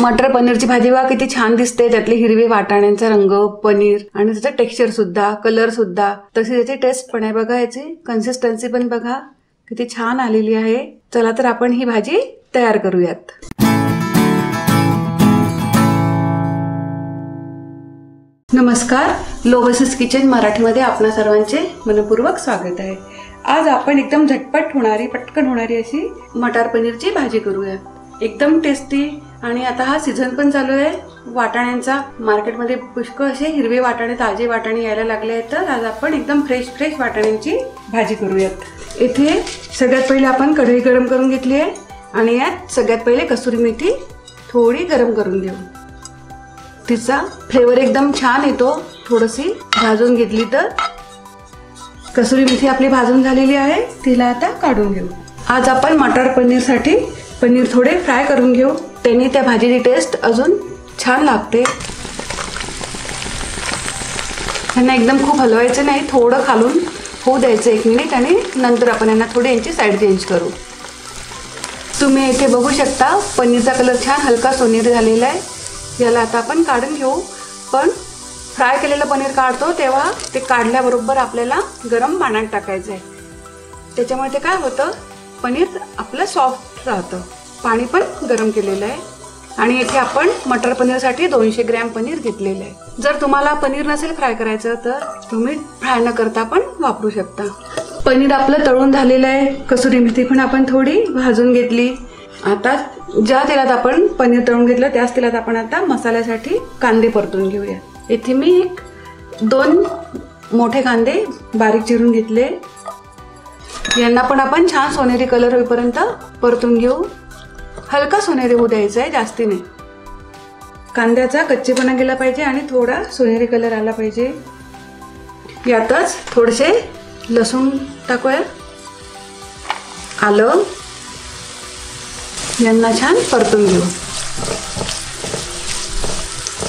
मटर पनीरची भाजी बघा किती छान दिसते त्यातले हिरवे वाटाण्यांचा रंग पनीर आणि त्याचा टेक्स्चर सुद्धा कलर सुद्धा तशी त्याची टेस्ट पण आहे बघा याची कन्सिस्टन्सी पण बघा किती छान आलेली आहे चला तर आपण ही भाजी तयार करूयात नमस्कार लोबसेस किचन मराठीमध्ये आपणा सर्वांचे मनपूर्वक स्वागत आहे आज आपण एकदम झटपट होणारी पटकन होणारी अशी मटार पनीरची भाजी करूया एकदम टेस्टी आणि आता हा सीझन पण चालू आहे वाटाण्यांचा मार्केटमध्ये पुष्कळ असे हिरवे वाटाणे ताजे वाटाणे यायला लागले आहेत तर आज आपण एकदम फ्रेश फ्रेश वाटाण्यांची भाजी करूयात इथे सगळ्यात पहिले आपण कढई गरम करून घेतली आहे आणि यात सगळ्यात पहिले कसुरी मेथी थोडी गरम करून घेऊ तिचा फ्लेवर एकदम छान येतो थोडीशी भाजून घेतली तर कसुरी मेथी आपली भाजून झालेली आहे तिला आता काढून घेऊ आज आपण मटर पनीरसाठी पनीर थोडे फ्राय करून घेऊ त्याने त्या भाजीची टेस्ट अजून छान लागते त्यांना एकदम खूप हलवायचं नाही थोडं खालून होऊ द्यायचं एक मिनिट आणि नंतर आपण यांना थोडी यांची साईड चेंज करू तुम्ही इथे बघू शकता पनीरचा कलर छान हलका सोनेरी झालेला आहे याला आता आपण काढून घेऊ पण फ्राय केलेलं पनीर काढतो तेव्हा ते काढल्याबरोबर आपल्याला गरम पाण्यात टाकायचं आहे त्याच्यामुळे ते काय होतं पनीर आपलं सॉफ्ट राहतं पाणी पण गरम केलेलं आहे आणि येथे आपण मटर पनीरसाठी दोनशे ग्रॅम पनीर घेतलेलं आहे जर तुम्हाला पनीर नसेल फ्राय करायचं तर तुम्ही फ्राय न करता पण वापरू शकता पनीर आपलं तळून झालेलं आहे कसुरी मेथी पण आपण थोडी भाजून घेतली आता ज्या तेलात आपण पनीर तळून घेतलं त्याच तेलात आपण आता मसाल्यासाठी कांदे परतून घेऊया येथे मी एक दोन मोठे कांदे बारीक चिरून घेतले यांना पण आपण छान सोनेरी कलर होईपर्यंत परतून घेऊ हलका सोनेरी होऊ द्यायचा आहे जास्ती नाही कांद्याचा कच्चेपणा गेला पाहिजे आणि थोडा सोनेरी कलर आला पाहिजे यातच थोडेसे लसूण टाकूया आलं यांना छान परतून घेऊ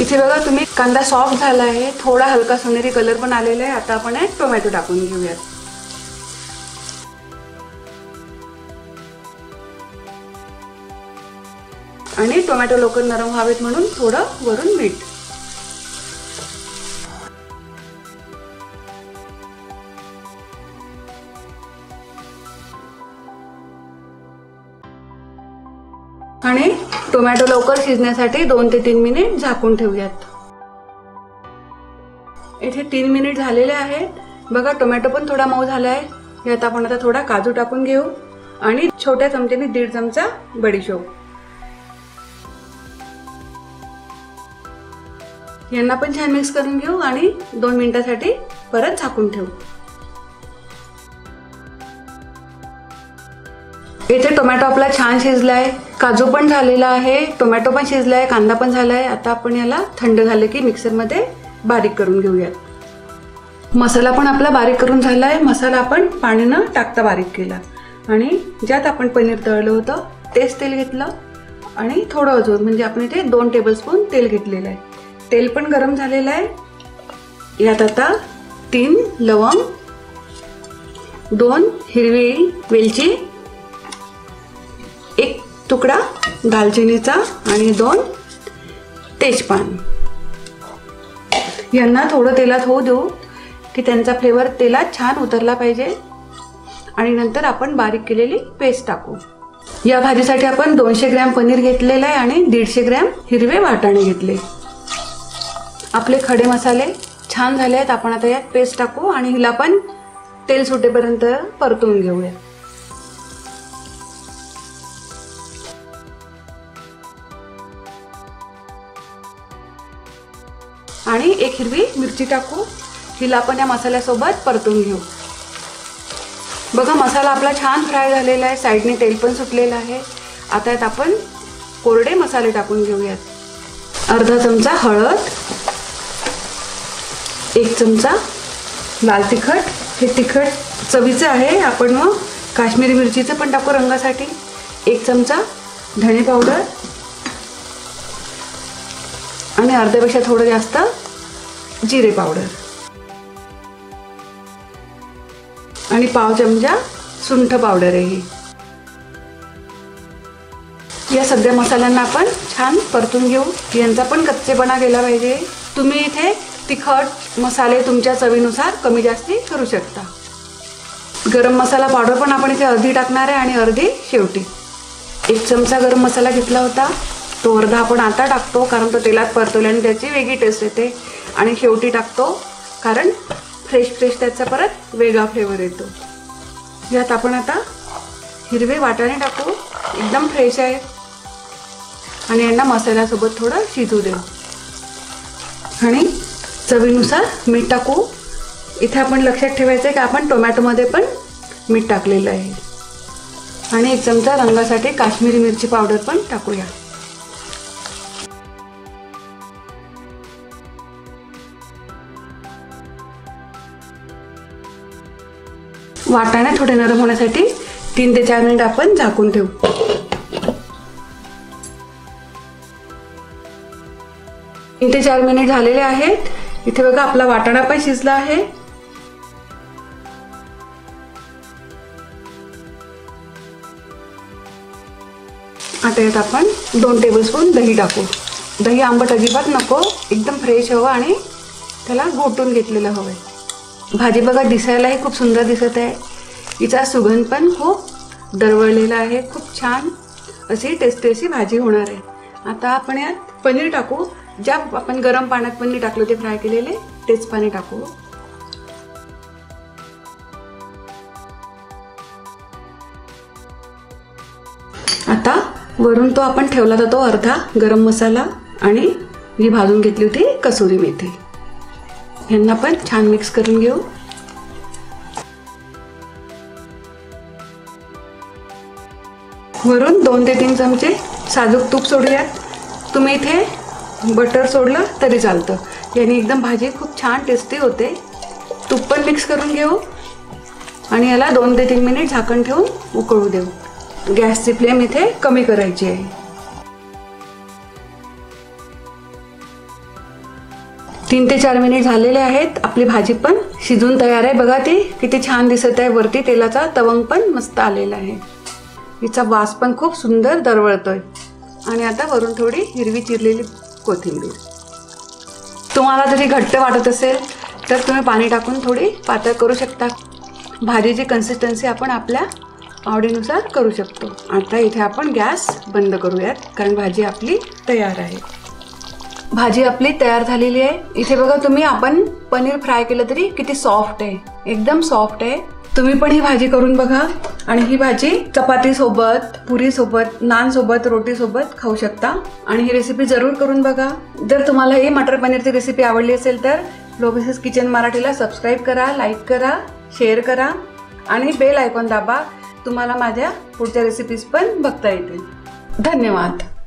इथे बघा तुम्ही कांदा सॉफ्ट झाला आहे थोडा हलका सोनेरी कलर पण आलेला आहे आता आपण टोमॅटो टाकून घेऊयात आणि टोमॅटो लवकर नरम व्हावेत म्हणून थोडं वरून मीठ आणि टोमॅटो लवकर शिजण्यासाठी दोन ते तीन मिनिट झाकून ठेवूयात इथे तीन मिनिट झालेले आहेत बघा टोमॅटो पण थोडा मऊ झाला आहे यात आपण आता थोडा काजू टाकून घेऊ आणि छोट्या चमच्याने दीड चमचा बडीशोप यांना पण छान मिक्स करून घेऊ आणि दोन मिनिटासाठी परत झाकून ठेवू इथे टोमॅटो आपला छान शिजलाय आहे काजू पण झालेला आहे टोमॅटो पण शिजलाय कांदा पण झालाय आता आपण याला थंड झालं की मिक्सरमध्ये बारीक करून घेऊयात मसाला पण आपला बारीक करून झाला आहे मसाला आपण पाण्यानं टाकता बारीक केला आणि ज्यात आपण पनीर तळलं होतं तेच तेल घेतलं आणि थोडं अजून म्हणजे आपण इथे दोन टेबलस्पून तेल घेतलेलं आहे तेल पण गरम झालेलं आहे यात आता तीन लवंग दोन हिरवी वेलची एक तुकडा दालचिनीचा आणि दोन तेजपान यांना थोडं तेलात होऊ देऊ की त्यांचा फ्लेवर तेलात छान उतरला पाहिजे आणि नंतर आपण बारीक केलेली पेस्ट टाकू या भाजीसाठी आपण दोनशे ग्रॅम पनीर घेतलेलं आहे आणि दीडशे ग्रॅम हिरवे वाटाणे घेतले आपले खडे मसाले छान झाले आहेत आपण आता यात पेस्ट टाकू आणि हिला पण तेल सुटेपर्यंत परतून घेऊया आणि एक हिरवी मिरची टाकू हिला आपण या मसाल्यासोबत परतून घेऊ बघा मसाला आपला छान फ्राय झालेला आहे साईडने तेल पण सुटलेलं आहे आता यात आपण कोरडे मसाले टाकून घेऊयात अर्धा चमचा हळद एक चमचा लाल तिखट हे तिखट चवीचं आहे आपण मग काश्मीरी मिरचीचं पण टाकू रंगासाठी एक चमचा धणे पावडर आणि अर्ध्यापेक्षा थोडं जास्त जिरे पावडर आणि पाव चमचा सुंठ पावडर आहे या सगळ्या मसाल्यांना आपण छान परतून घेऊ यांचा पण कच्चेपणा गेला पाहिजे तुम्ही इथे तिखट मसाले तुमच्या चवीनुसार कमी जास्ती करू शकता गरम मसाला पावडर पण आपण इथे अर्धी टाकणार आहे आणि अर्धी शेवटी एक चमचा गरम मसाला घेतला होता तो अर्धा आपण आता टाकतो कारण तो तेलात परतवल्याने त्याची वेगळी टेस्ट येते आणि शेवटी टाकतो कारण फ्रेश फ्रेश त्याचा परत वेगळा फ्लेवर येतो यात आपण आता हिरवे वाटाणे टाकू एकदम फ्रेश आहे आणि यांना मसाल्यासोबत थोडं शिजू देऊ आणि चवीनुसार मीठ टाकू इथे आपण लक्षात ठेवायचं आहे की आपण टोमॅटोमध्ये पण मीठ टाकलेलं आहे आणि एक चमचा रंगासाठी काश्मीरी मिरची पावडर पण टाकूया वाटाणे थोडे नरम होण्यासाठी तीन ते चार मिनिट आपण झाकून ठेवू तीन ते चार मिनिट झालेले आहेत इथे बघा आपला वाटाणा पण शिजला आहे आता यात आपण दोन टेबलस्पून दही टाकू दही आंबट अजिबात नको एकदम फ्रेश हवं आणि त्याला घोटून घेतलेलं हवं भाजी बघा दिसायलाही खूप सुंदर दिसत आहे हिचा सुगंध पण खूप दरवळलेला आहे खूप छान अशी टेस्टी अशी भाजी होणार आहे आता आपण यात पनीर टाकू ज्या आपण गरम पाण्यात पण टाकले होते फ्राय केलेले तेच पाणी टाकू आता वरून तो आपण ठेवला होता तो अर्धा गरम मसाला आणि मी भाजून घेतली होती कसुरी मेथी यांना पण छान मिक्स करून घेऊ वरून दोन ते तीन चमचे साजूक तूप सोडूयात तुम्ही इथे बटर सोडलं तरी चालतं याने एकदम भाजी खूप छान टेस्टी होते तूप पण मिक्स करून घेऊ आणि याला दोन ते तीन मिनिट झाकण ठेवून उकळू देऊ गॅसची फ्लेम इथे कमी करायची आहे तीन ते चार मिनिट झालेले आहेत आपली भाजी पण शिजून तयार आहे बघा ती किती छान दिसत आहे वरती तेलाचा तवंग पण मस्त आलेला आहे हिचा वास पण खूप सुंदर दरवळतोय आणि आता वरून थोडी हिरवी चिरलेली कोथिंबीर तुम्हाला जरी घट्ट वाटत असेल तर तुम्ही पाणी टाकून थोडी पातळ करू शकता भाजीची कन्सिस्टन्सी आपण आपल्या आवडीनुसार करू शकतो आता इथे आपण गॅस बंद करूयात कारण भाजी आपली तयार आहे भाजी आपली तयार झालेली आहे इथे बघा तुम्ही आपण पनीर फ्राय केलं तरी किती सॉफ्ट आहे एकदम सॉफ्ट आहे तुम्ही पण ही भाजी करून बघा आणि ही भाजी चपाती सोबत पुरी सोबत नान सोबत रोटी सोबत खाऊ शकता आणि ही रेसिपी जरूर करून बघा जर तुम्हाला ही मटर पनीरची रेसिपी आवडली असेल तर लोबेसेस किचन मराठीला सबस्क्राईब करा लाईक करा शेअर करा आणि बेल आयकॉन दाबा तुम्हाला माझ्या पुढच्या रेसिपीज पण बघता येतील धन्यवाद